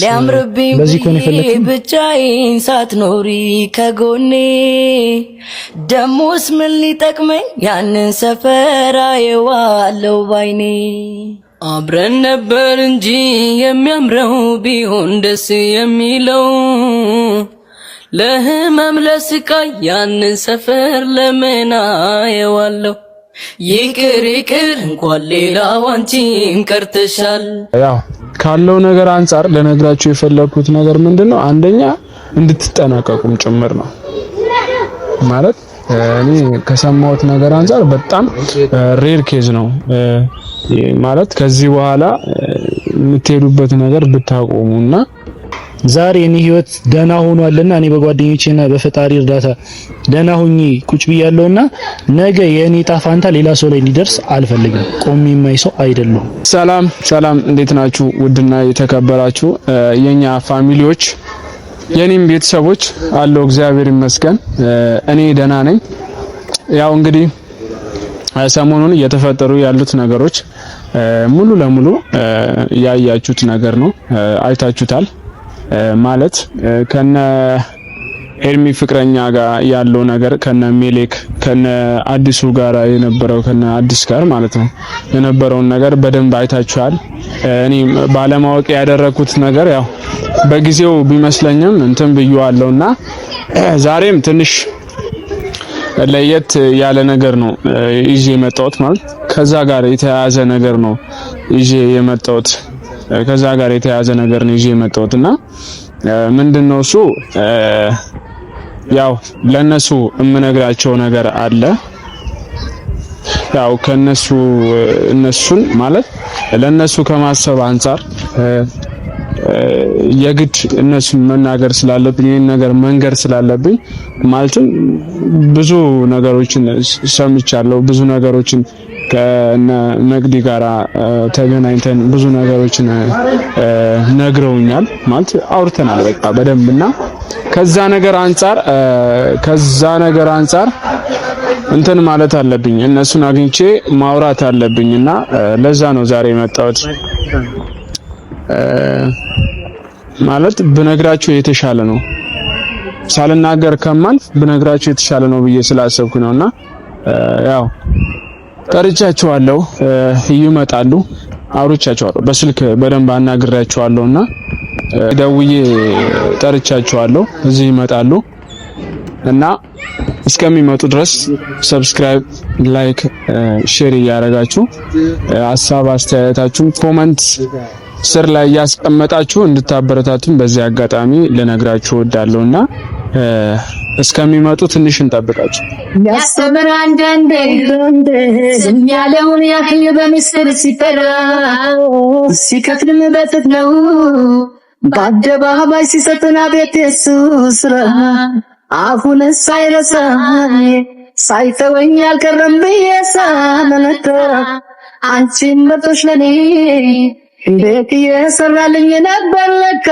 ሊያምርብኝ ብዬ ብቻዬን ሳትኖሪ ከጎኔ ደሞስ ምን ሊጠቅመኝ ያንን ሰፈራ የዋለው ባይኔ አብረን ነበር እንጂ የሚያምረው ቢሆን ደስ የሚለው ለህመም ለስቃይ ያንን ሰፈር ለምን አየዋለሁ። ይቅር ይቅር እንኳን ሌላ ዋንቺን ቀርተሻል። ያው ካለው ነገር አንጻር ለነግራችሁ የፈለኩት ነገር ምንድነው፣ አንደኛ እንድትጠናቀቁም ጭምር ነው ማለት እኔ ከሰማሁት ነገር አንጻር በጣም ሬር ኬዝ ነው ማለት ከዚህ በኋላ የምትሄዱበት ነገር ብታቆሙና ዛሬ እኔ ህይወት ደህና ሆኗልና እኔ በጓደኞቼና በፈጣሪ እርዳታ ደህና ሆኜ ቁጭ ብያለሁና ነገ የእኔ ጣፋንታ ሌላ ሰው ላይ እንዲደርስ አልፈልግም። ቆሜ የማይ ሰው አይደለሁም። ሰላም ሰላም፣ እንዴት ናችሁ? ውድና የተከበራችሁ የኛ ፋሚሊዎች የኔም ቤተሰቦች አለው እግዚአብሔር ይመስገን፣ እኔ ደህና ነኝ። ያው እንግዲህ ሰሞኑን እየተፈጠሩ ያሉት ነገሮች ሙሉ ለሙሉ ያያችሁት ነገር ነው፣ አይታችሁታል። ማለት ከነ ኤርሚ ፍቅረኛ ጋር ያለው ነገር ከነ ሜሌክ ከነ አዲሱ ጋር የነበረው ከነ አዲስ ጋር ማለት ነው የነበረውን ነገር በደንብ አይታችኋል። እኔ ባለማወቅ ያደረኩት ነገር ያው በጊዜው ቢመስለኝም እንትን ብዬዋለሁና ዛሬም ትንሽ ለየት ያለ ነገር ነው ይዤ የመጣሁት ማለት ከዛ ጋር የተያያዘ ነገር ነው ይዤ የመጣሁት። ከዛ ጋር የተያያዘ ነገር ነው ይዤ የመጣሁት እና እሱ ያው ለነሱ የምነግራቸው ነገር አለ። ያው ከነሱ እነሱን ማለት ለነሱ ከማሰብ አንጻር የግድ እነሱን መናገር ስላለብኝ ይህን ነገር መንገር ስላለብኝ ማለትም ብዙ ነገሮችን ሰምቻለሁ። ብዙ ነገሮችን ከነ መግዲ ጋራ ተገናኝተን ብዙ ነገሮችን ነግረውኛል፣ ማለት አውርተናል በቃ በደንብና ከዛ ነገር አንጻር ከዛ ነገር አንጻር እንትን ማለት አለብኝ እነሱን አግኝቼ ማውራት አለብኝና ለዛ ነው ዛሬ የመጣሁት። ማለት ብነግራቸው የተሻለ ነው ሳልናገር ከማልፍ ብነግራቸው የተሻለ ነው ብዬ ስላሰብኩ ነውና ያው ጠርቻቸዋለሁ፣ ይመጣሉ። አውሮቻቸዋለሁ በስልክ በደንብ አናግራቸዋለሁና ደውዬ ጠርቻቸዋለሁ። እዚህ ይመጣሉ እና እስከሚመጡ ድረስ ሰብስክራይብ፣ ላይክ፣ ሼር እያደረጋችሁ ሀሳብ አስተያየታችሁን ኮመንት ስር ላይ እያስቀመጣችሁ እንድታበረታቱን በዚህ አጋጣሚ ልነግራችሁ እወዳለሁና እስከሚመጡ ትንሽ እንጠብቃችሁ። ያስተምር አንዳንዴ ዝም ያለውን ያህል በምስር ሲጠራ ሲከፍልም በጥጥ ነው በአደባባይ ሲሰጥና ቤት የሱ ስራ አፉን ሳይረሳ ሳይተወኝ አልቀረም ብዬ ሳመነታ አንቺን መርጦሽ ለኔ እንዴት እየሰራልኝ ነበር ለካ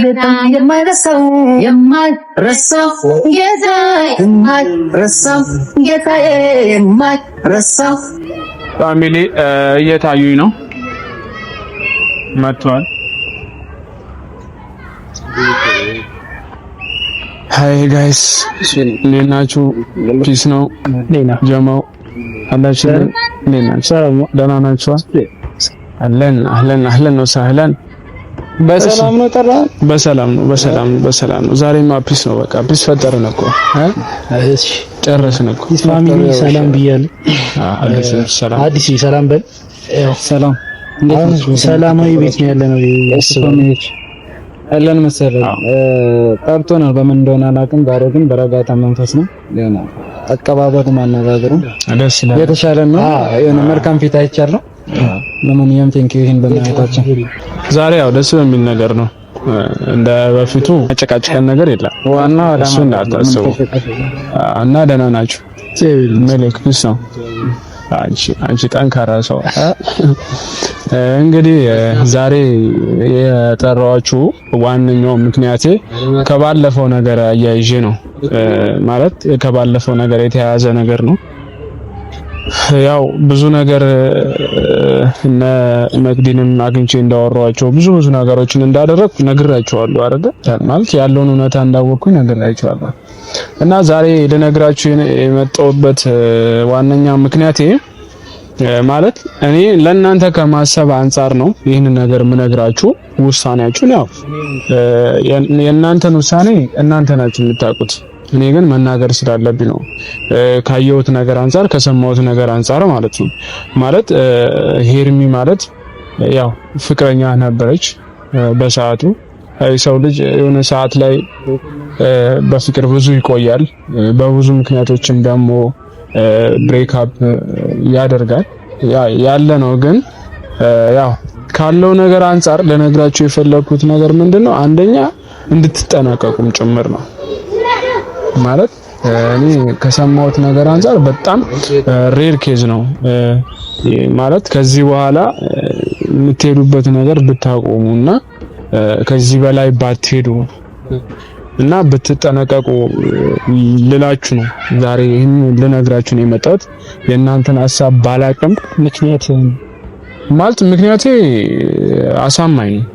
ጌታ የማይረሳው የማይረሳው ጌታ የማይረሳው ጌታ የማይረሳው ፋሚሊ እየታዩኝ ነው መጥቷል። ሀይ ጋይስ እንዴት ናችሁ? ፒስ ነው ጀማው አላችሁ? ደህና ናችኋል? አለን አለን አለን ነው ሳህላን በሰላም ነው ጠራ። በሰላም ነው በሰላም ነው በሰላም ነው። ዛሬማ ፒስ ነው በቃ ፒስ ፈጠርን እኮ እሺ፣ ጨረስን እኮ ፋሚሊ ሰላም ብያለሁ። ሰላም አዲስ ሰላም በል ሰላም ሰላማዊ ቤት ነው ያለ ነው ያለን መሰለህ። ጠርቶናል በምን እንደሆነ አላውቅም። ዛሬ ግን በረጋታ መንፈስ ነው አቀባበሉ፣ ማነጋገሩ ደስ ይላል። የተሻለ ነው። መልካም ፊት አይቻለሁ ለማንኛውም ቴንኪው ይሄን በማየታችን ዛሬ ያው ደስ በሚል ነገር ነው። እንደ በፊቱ መጨቃጨቀን ነገር የለም። ዋና እሱ እንዳታስቡ እና ደህና ናችሁ። መልክ ፒስ ነው። አንቺ አንቺ ጠንካራ ሰው። እንግዲህ ዛሬ የጠራኋችሁ ዋነኛው ምክንያቴ ከባለፈው ነገር አያይዤ ነው። ማለት ከባለፈው ነገር የተያያዘ ነገር ነው። ያው ብዙ ነገር እነ መግዲንም አግኝቼ እንዳወራኋቸው ብዙ ብዙ ነገሮችን እንዳደረግኩ ነግራቸዋለሁ አይደል? ማለት ያለውን እውነታ እንዳወቅኩኝ ነግራቸዋለሁ። እና ዛሬ ልነግራችሁ የመጣሁበት ዋነኛ ምክንያት ማለት እኔ ለእናንተ ከማሰብ አንጻር ነው ይህን ነገር ምነግራችሁ። ውሳኔያችሁን ያው የእናንተን ውሳኔ እናንተ ናችሁ የምታውቁት። እኔ ግን መናገር ስላለብኝ ነው። ካየሁት ነገር አንጻር፣ ከሰማሁት ነገር አንጻር ማለት ነው። ማለት ሄርሚ ማለት ያው ፍቅረኛ ነበረች በሰዓቱ። ሰው ልጅ የሆነ ሰዓት ላይ በፍቅር ብዙ ይቆያል። በብዙ ምክንያቶችም ደግሞ ብሬክአፕ ያደርጋል ያለ ነው። ግን ያው ካለው ነገር አንጻር ለነግራችሁ የፈለኩት ነገር ምንድነው አንደኛ እንድትጠናቀቁም ጭምር ነው። ማለት እኔ ከሰማሁት ነገር አንጻር በጣም ሬር ኬዝ ነው ማለት ከዚህ በኋላ የምትሄዱበት ነገር ብታቆሙ እና ከዚህ በላይ ባትሄዱ እና ብትጠነቀቁ ልላችሁ ነው ዛሬ ይህን ልነግራችሁ ነው የመጣሁት። የእናንተን ሀሳብ ባላቅም ምክንያት ማለት ምክንያቴ አሳማኝ ነው።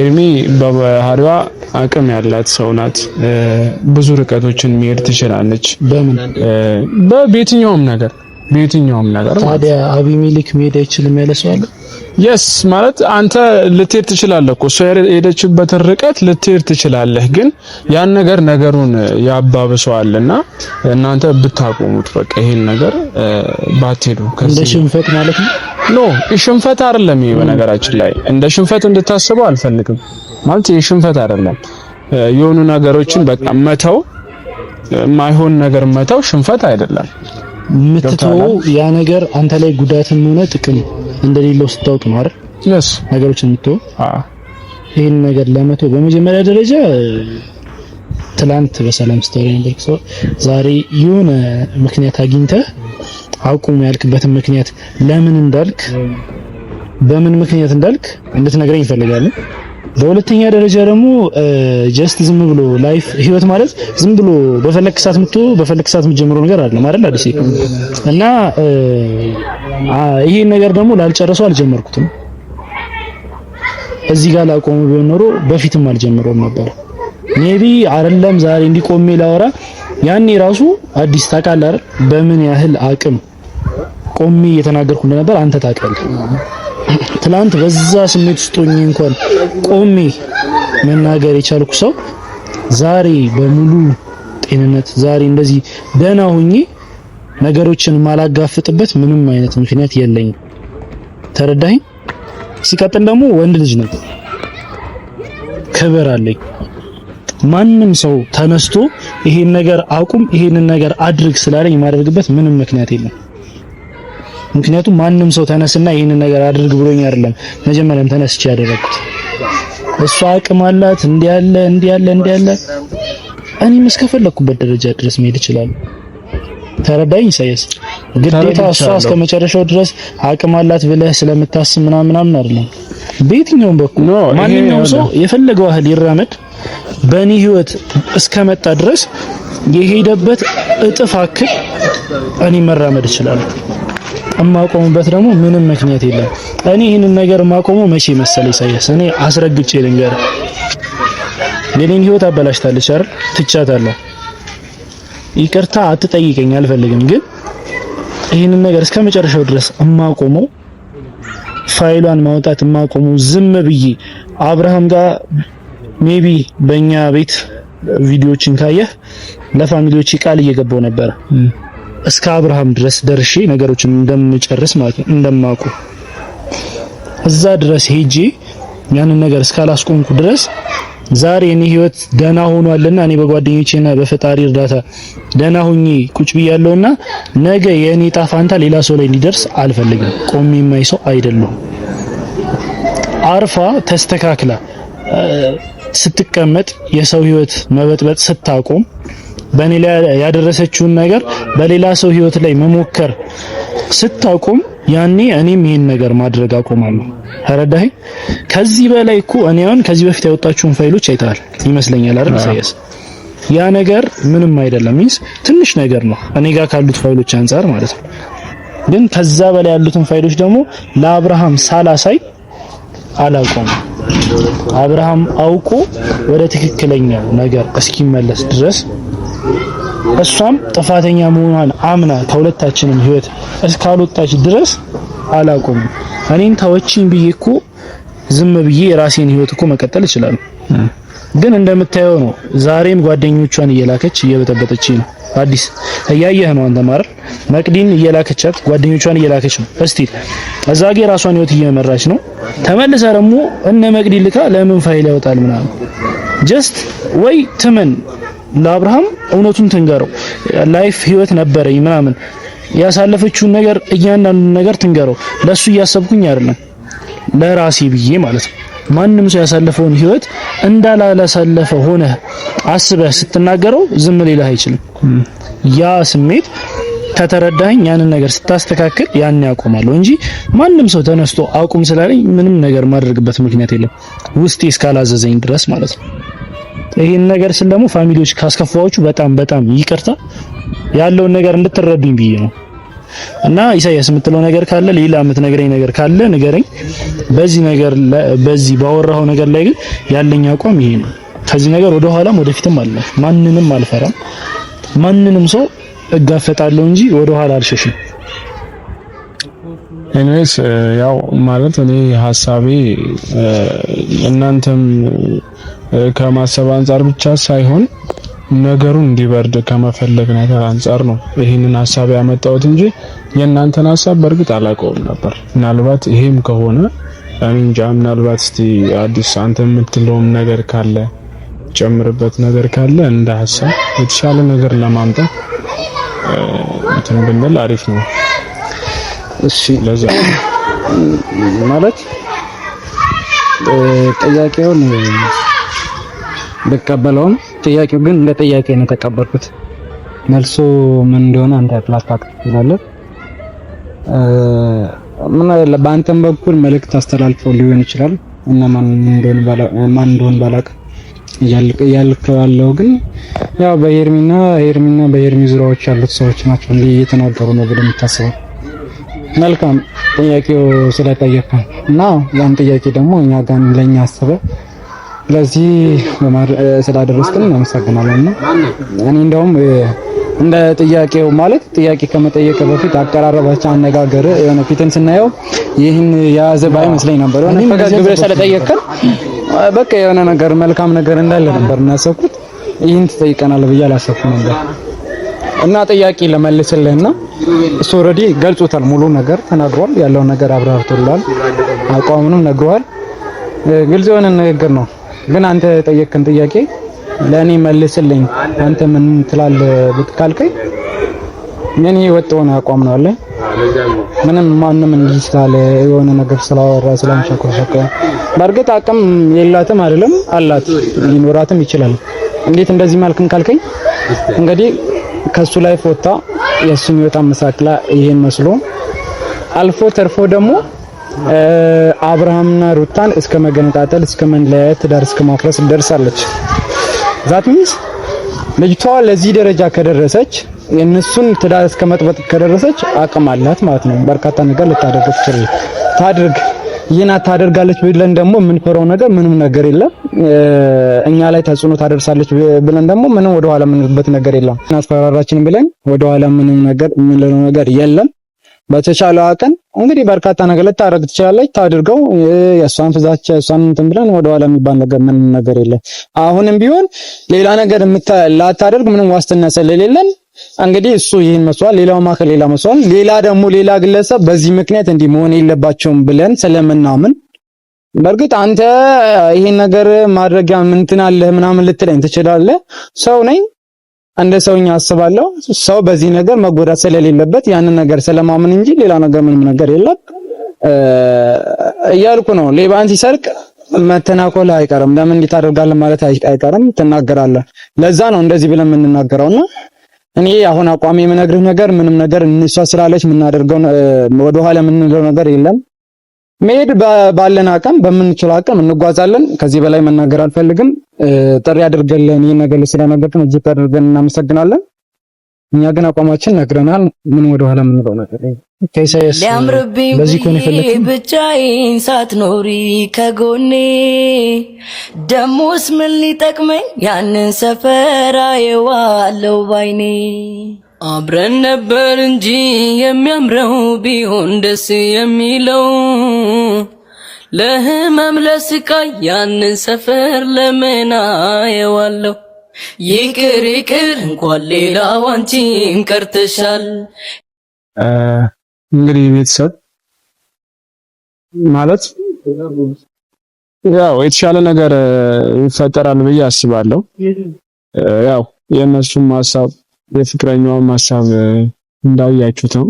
ኤርሚ በባህሪዋ አቅም ያላት ሰው ናት። ብዙ ርቀቶችን መሄድ ትችላለች በምን በየትኛውም ነገር በየትኛውም ነገር ታዲያ አቢሜሌክ መሄድ አይችልም ያለ ሰው አለ። የስ ማለት አንተ ልትሄድ ትችላለህ እኮ እሷ የሄደችበትን ርቀት ልትሄድ ትችላለህ፣ ግን ያን ነገር ነገሩን ያባብሰዋልና እናንተ ብታቆሙት በቃ ይሄን ነገር ባትሄዱ እንደ ሽንፈት ማለት ነው። ኖ ሽንፈት አይደለም ይሄ በነገራችን ላይ እንደ ሽንፈት እንድታስበው አልፈልግም። ማለት ይሄ ሽንፈት አይደለም። የሆኑ ነገሮችን በቃ መተው፣ የማይሆን ነገር መተው ሽንፈት አይደለም። የምትተወው ያ ነገር አንተ ላይ ጉዳትም ሆነ ጥቅም እንደሌለው ስታውቅ ነው አይደል? የስ ነገሮችን የምትተወው ይህን ነገር ለመተው በመጀመሪያ ደረጃ ትላንት በሰላም ስታወሪ ነበር ሰው ዛሬ የሆነ ምክንያት አግኝተህ አቁም ያልክበትን ምክንያት ለምን እንዳልክ በምን ምክንያት እንዳልክ እንድትነግረኝ ይፈልጋለን። በሁለተኛ ደረጃ ደግሞ ጀስት ዝም ብሎ ላይፍ ህይወት ማለት ዝም ብሎ በፈለክ ሰዓት ምቶ በፈለክ ሰዓት የምትጀምረው ነገር አይደለም አይደል አዲስ እና ይሄን ነገር ደግሞ ላልጨረሰው አልጀመርኩትም። እዚህ ጋር ላቆሙ ቢሆን ኖሮ በፊትም አልጀምረውም ነበር። ሜቢ አይደለም ዛሬ እንዲቆሜ ላወራ ያኔ ራሱ አዲስ ታውቃለህ አይደል በምን ያህል አቅም ቆሜ እየተናገርኩ እንደነበር አንተ ታውቃለህ። ትላንት በዛ ስሜት ውስጥ ሆኜ እንኳን ቆሜ መናገር የቻልኩ ሰው ዛሬ በሙሉ ጤንነት ዛሬ እንደዚህ ደህና ሆኜ ነገሮችን ማላጋፍጥበት ምንም አይነት ምክንያት የለኝም። ተረዳኝ። ሲቀጥል ደግሞ ወንድ ልጅ ነው፣ ክብር አለኝ። ማንም ሰው ተነስቶ ይሄን ነገር አቁም፣ ይሄንን ነገር አድርግ ስላለኝ የማደርግበት ምንም ምክንያት የለም። ምክንያቱም ማንም ሰው ተነስና ይህንን ነገር አድርግ ብሎኝ አይደለም መጀመሪያም ተነስቼ ያደረኩት። እሷ አቅም አላት እንዲያለ እንዲያለ እንዲያለ እኔም እስከፈለኩበት ደረጃ ድረስ መሄድ ይችላል። ተረዳኝ ኢሳያስ። ግዴታ እሷ እስከ መጨረሻው ድረስ አቅም አላት ብለህ ስለምታስብ ምናምን ምናምን አይደለም። በየትኛውም በኩል ማንኛውም ሰው የፈለገው ያህል ይራመድ፣ በእኔ ህይወት እስከመጣ ድረስ የሄደበት እጥፍ አክል እኔ መራመድ እችላለሁ። የማቆምበት ደግሞ ምንም ምክንያት የለም። እኔ ይህንን ነገር የማቆመው መቼ መሰለህ ኢሳያስ፣ እኔ አስረግጬ ልንገርህ፣ የኔን ህይወት አበላሽታለች አይደል? ትቻታለሁ። ይቅርታ አትጠይቀኝ አልፈልግም። ግን ይህንን ነገር እስከ መጨረሻው ድረስ የማቆመው ፋይሏን ማውጣት የማቆመው ዝም ብዬ አብርሃም ጋር ሜቢ በእኛ ቤት ቪዲዮዎችን ካየህ ለፋሚሊዎች ቃል እየገባው ነበር። እስከ አብርሃም ድረስ ደርሼ ነገሮችን እንደምጨርስ ማለት እንደማቁ እዛ ድረስ ሄጄ ያንን ነገር እስካላስቆምኩ ድረስ ዛሬ እኔ ህይወት ደህና ሆኗልና እኔ በጓደኞቼና በፈጣሪ እርዳታ ደህና ሆኜ ቁጭ ብያለሁና ነገ የእኔ ጣፋንታ ሌላ ሰው ላይ እንዲደርስ አልፈልግም። ቆሜ የማይ ሰው አይደለሁም። አርፋ ተስተካክላ ስትቀመጥ የሰው ህይወት መበጥበጥ ስታቆም በእኔ ላይ ያደረሰችውን ነገር በሌላ ሰው ህይወት ላይ መሞከር ስታቆም ያኔ እኔም ይሄን ነገር ማድረግ አቆማለሁ። ተረዳህ? ከዚህ በላይ እኮ እኔ አሁን ከዚህ በፊት ያወጣችሁን ፋይሎች አይተሃል ይመስለኛል አይደል? ሳይስ ያ ነገር ምንም አይደለም፣ ሚንስ ትንሽ ነገር ነው እኔ ጋር ካሉት ፋይሎች አንጻር ማለት ነው። ግን ከዛ በላይ ያሉትን ፋይሎች ደግሞ ለአብርሃም ሳላሳይ አላቆምም። አብርሃም አውቆ ወደ ትክክለኛ ነገር እስኪመለስ ድረስ እሷም ጥፋተኛ መሆኗን አምና ከሁለታችንም ህይወት እስካልወጣች ድረስ አላቆም። እኔን ታወችኝ ብዬ እኮ ዝም ብዬ የራሴን ህይወት እኮ መቀጠል ይችላሉ። ግን እንደምታየው ነው። ዛሬም ጓደኞቿን እየላከች እየበጠበጠች ነው። አዲስ እያየህ ነው አንተ ማረር መቅዲን እየላከቻት ጓደኞቿን እየላከች ነው። እስቲ እዛ ጋ የራሷን ህይወት እየመራች ነው። ተመልሳ ደግሞ እነ መቅዲ ልካ ለምን ፋይል ያወጣል ምናምን ጀስት ወይ ትመን ለአብርሃም እውነቱን ትንገረው። ላይፍ ህይወት ነበረኝ ምናምን ያሳለፈችውን ነገር እያንዳንዱን ነገር ትንገረው። ለሱ እያሰብኩኝ አይደለም ለራሴ ብዬ ማለት ነው። ማንም ሰው ያሳለፈውን ህይወት እንዳላላሳለፈ ሆነ አስበህ ስትናገረው ዝም ሊልህ አይችልም። ያ ስሜት ከተረዳኸኝ ያንን ነገር ስታስተካክል ያን ያቆማለሁ እንጂ ማንም ሰው ተነስቶ አቁም ስላለኝ ምንም ነገር ማድረግበት ምክንያት የለም፣ ውስጤ እስካላዘዘኝ ድረስ ማለት ነው። ይሄን ነገር ስል ደግሞ ፋሚሊዎች ካስከፋዎቹ በጣም በጣም ይቅርታ ያለውን ነገር እንድትረዱኝ ብዬ ነው። እና ኢሳያስ የምትለው ነገር ካለ ሌላ የምትነግረኝ ነገር ካለ ንገረኝ። በዚህ ነገር በዚህ ባወራው ነገር ላይ ግን ያለኝ አቋም ይሄ ነው። ከዚህ ነገር ወደ ኋላም ወደፊትም አለ ማንንም አልፈራም። ማንንም ሰው እጋፈጣለሁ እንጂ ወደ ኋላ አልሸሽም። ኤኒዌይስ ያው ማለት እኔ ሀሳቤ እናንተም ከማሰብ አንጻር ብቻ ሳይሆን ነገሩን እንዲበርድ ከመፈለግ ነገር አንጻር ነው ይህንን ሀሳብ ያመጣሁት እንጂ የእናንተን ሀሳብ በእርግጥ አላውቀውም ነበር። ምናልባት ይሄም ከሆነ እኔ እንጃ። ምናልባት እስቲ አዲስ አንተ የምትለውም ነገር ካለ ጨምርበት ነገር ካለ እንደ ሀሳብ የተሻለ ነገር ለማምጣት እንትን ብንል አሪፍ ነው። እሺ ለዛ ማለት ጥያቄውን ብቀበለውም ጥያቄው ግን እንደ ጥያቄ ነው ተቀበልኩት። መልሶ ምን እንደሆነ አንተ ፕላስቲክ ትላለህ። ምን በአንተም በኩል መልእክት አስተላልፈው ሊሆን ይችላል እና ማን እንደሆነ ባላ ማን እንደሆነ ባላቅ ያልከው ያለው ግን ያው በሄርሚና ሄርሚና በሄርሚ ዙሪያዎች ያሉት ሰዎች ናቸው እንዴ እየተናገሩ ነው ብለህ የምታስበው። መልካም ጥያቄው ስለጠየቅከን እና ያን ጥያቄ ደግሞ እኛ ጋር ለኛ አስበህ ስለዚህ ስላደረስክን እናመሰግናለን። ነው እኔ እንደውም እንደ ጥያቄው ማለት ጥያቄ ከመጠየቅ በፊት አቀራረባቸው፣ አነጋገር የሆነ ፊትን ስናየው ይህን የያዘ ባይመስለኝ ነበር። የሆነ ፈገግ ብለህ ስለጠየቅከን በቃ የሆነ ነገር መልካም ነገር እንዳለ ነበር እናሰብኩት። ይህን ትጠይቀናል ብዬ አላሰብኩ ነበር እና ጥያቄ ለመልስልህና እሱ ኦልሬዲ ገልጾታል። ሙሉ ነገር ተናግሯል። ያለውን ነገር አብራርቶላል። አቋሙንም ነግሯል። ግልጽ የሆነ ንግግር ነው። ግን አንተ ጠየቅክን ጥያቄ ለእኔ መልስልኝ። አንተ ምን ትላለህ ብትካልከኝ የኔ ወጥ የሆነ አቋም ነው አለ። ምንም ማንም እንዲስታለ የሆነ ነገር ስላወራ ስላንሸኮሸኮ፣ በእርግጥ አቅም የላትም አይደለም፣ አላት ሊኖራትም ይችላል። እንዴት እንደዚህ ማልክም ካልከኝ እንግዲህ ከሱ ላይ ፎታ የሱን ህይወት አመሳክላ ይሄን መስሎ አልፎ ተርፎ ደግሞ አብርሃምና ሩታን እስከ መገነጣጠል እስከ መለያየት ትዳር እስከ ማፍረስ ደርሳለች። ዛት ሚንስ ልጅቷ ለዚህ ደረጃ ከደረሰች የእነሱን ትዳር እስከ መጥበጥ ከደረሰች አቅም አላት ማለት ነው። በርካታ ነገር ልታደርግ ትችል ታድርግ። ይህን ታደርጋለች ብለን ደግሞ የምንፈራው ነገር ምንም ነገር የለም። እኛ ላይ ተጽዕኖ ታደርሳለች ብለን ደግሞ ምንም ወደኋላ የምንልበት ነገር የለም። አስፈራራችን ብለን ወደኋላ ምንም ነገር የምንለው ነገር የለም። በተቻለው አቅም እንግዲህ በርካታ ነገር ልታደርግ ትችላለች፣ ታድርገው። የእሷን ፍዛቻ የእሷን እንትን ብለን ወደኋላ የሚባል ነገር ምንም ነገር የለም። አሁንም ቢሆን ሌላ ነገር ላታደርግ ምንም ዋስትና ስለሌለን እንግዲህ እሱ ይህን መስዋዕት፣ ሌላው ማከ ሌላ መስዋዕት፣ ሌላ ደግሞ ሌላ ግለሰብ በዚህ ምክንያት እንዲህ መሆን የለባቸውም ብለን ስለምናምን በእርግጥ አንተ ይህን ነገር ማድረጊያ ምንትን አለህ ምናምን ልትለኝ ትችላለህ። ሰው ነኝ እንደ ሰውኛ አስባለሁ። ሰው በዚህ ነገር መጎዳት ስለሌለበት ያንን ነገር ስለማምን እንጂ ሌላ ነገር ምንም ነገር የለም እያልኩ ነው። ሌባን ሲሰርቅ መተናኮል አይቀርም። ለምን እንዴት አደርጋለን ማለት አይቀርም፣ ትናገራለህ። ለዛ ነው እንደዚህ ብለን የምንናገረውና እኔ አሁን አቋሜ የምነግርህ ነገር ምንም ነገር እንሷ ስላለች የምናደርገው ወደኋላ የምንለው ነገር የለም። መሄድ ባለን አቅም በምንችል አቅም እንጓዛለን። ከዚህ በላይ መናገር አልፈልግም። ጥሪ አድርገልን ይህ ነገር ስለነገርን እጅግ አድርገን እናመሰግናለን። እኛ ግን አቋማችን ነግረናል። ምን ወደ ኋላ የምንለው ነገር ሊያምርብኝ ብቻዬን ሳትኖሪ ከጎኔ ደሞስ ምን ሊጠቅመኝ ያንን ሰፈራ የዋለው ባይኔ አብረን ነበር እንጂ የሚያምረው ቢሆን ደስ የሚለው ለህመም ለስቃይ ያንን ሰፈር ለምን አየዋለሁ? ይቅር ይቅር እንኳን ሌላ ዋንቺን ቀርተሻል። እንግዲህ ቤተሰብ ማለት ያው የተሻለ ነገር ይፈጠራል ብዬ አስባለሁ። ያው የእነሱም ሀሳብ የፍቅረኛውን ሀሳብ እንዳያችሁት ነው።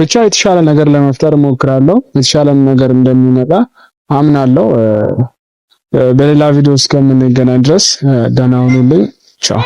ብቻ የተሻለ ነገር ለመፍጠር እሞክራለሁ። የተሻለ ነገር እንደሚመጣ አምናለሁ። በሌላ ቪዲዮ እስከምንገናኝ ድረስ ደህና ሁኑልኝ። ቻው